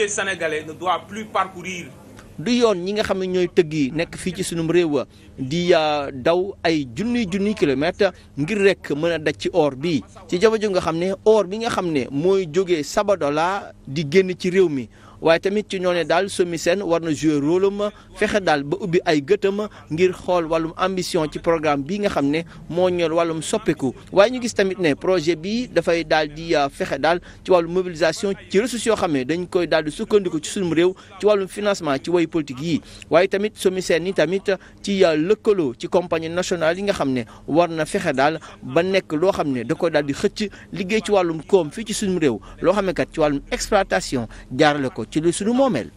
routier du yoon ñi nga xam ne ñooy tëgg yi nekk fii ci sunum réew di euh, daw ay junni junni kilomètre ngir rekk mën a daj ci or bi ci jamono nga xam ne or bi nga xam ne mooy jógee Sabodala di génn ci réew mi. waaye tamit ci ñoo daal Somi Sène war na jouer rôle ma fexe daal ba ubbi ay gëtam ngir xool wàllum ambition ci programme bi nga xam ne moo ñor wàllum soppeeku waaye ñu gis tamit ne projet bi dafay daal di euh, fexe daal ci wàllum mobilisation ci ressources yoo xam ne dañ koy daal di sukkandiku ci suñu réew ci wàllum financement ci way politique yi waaye tamit Somi Sène yi tamit ci euh, lëkkaloo ci compagnie nationale yi nga xam ne war na fexe daal ba nekk loo xam ne da koy daal di xëcc liggéey ci wàllum koom fii ci suñu réew loo xam ne ci wàllum exploitation jaarale ko ci li suñu moomeel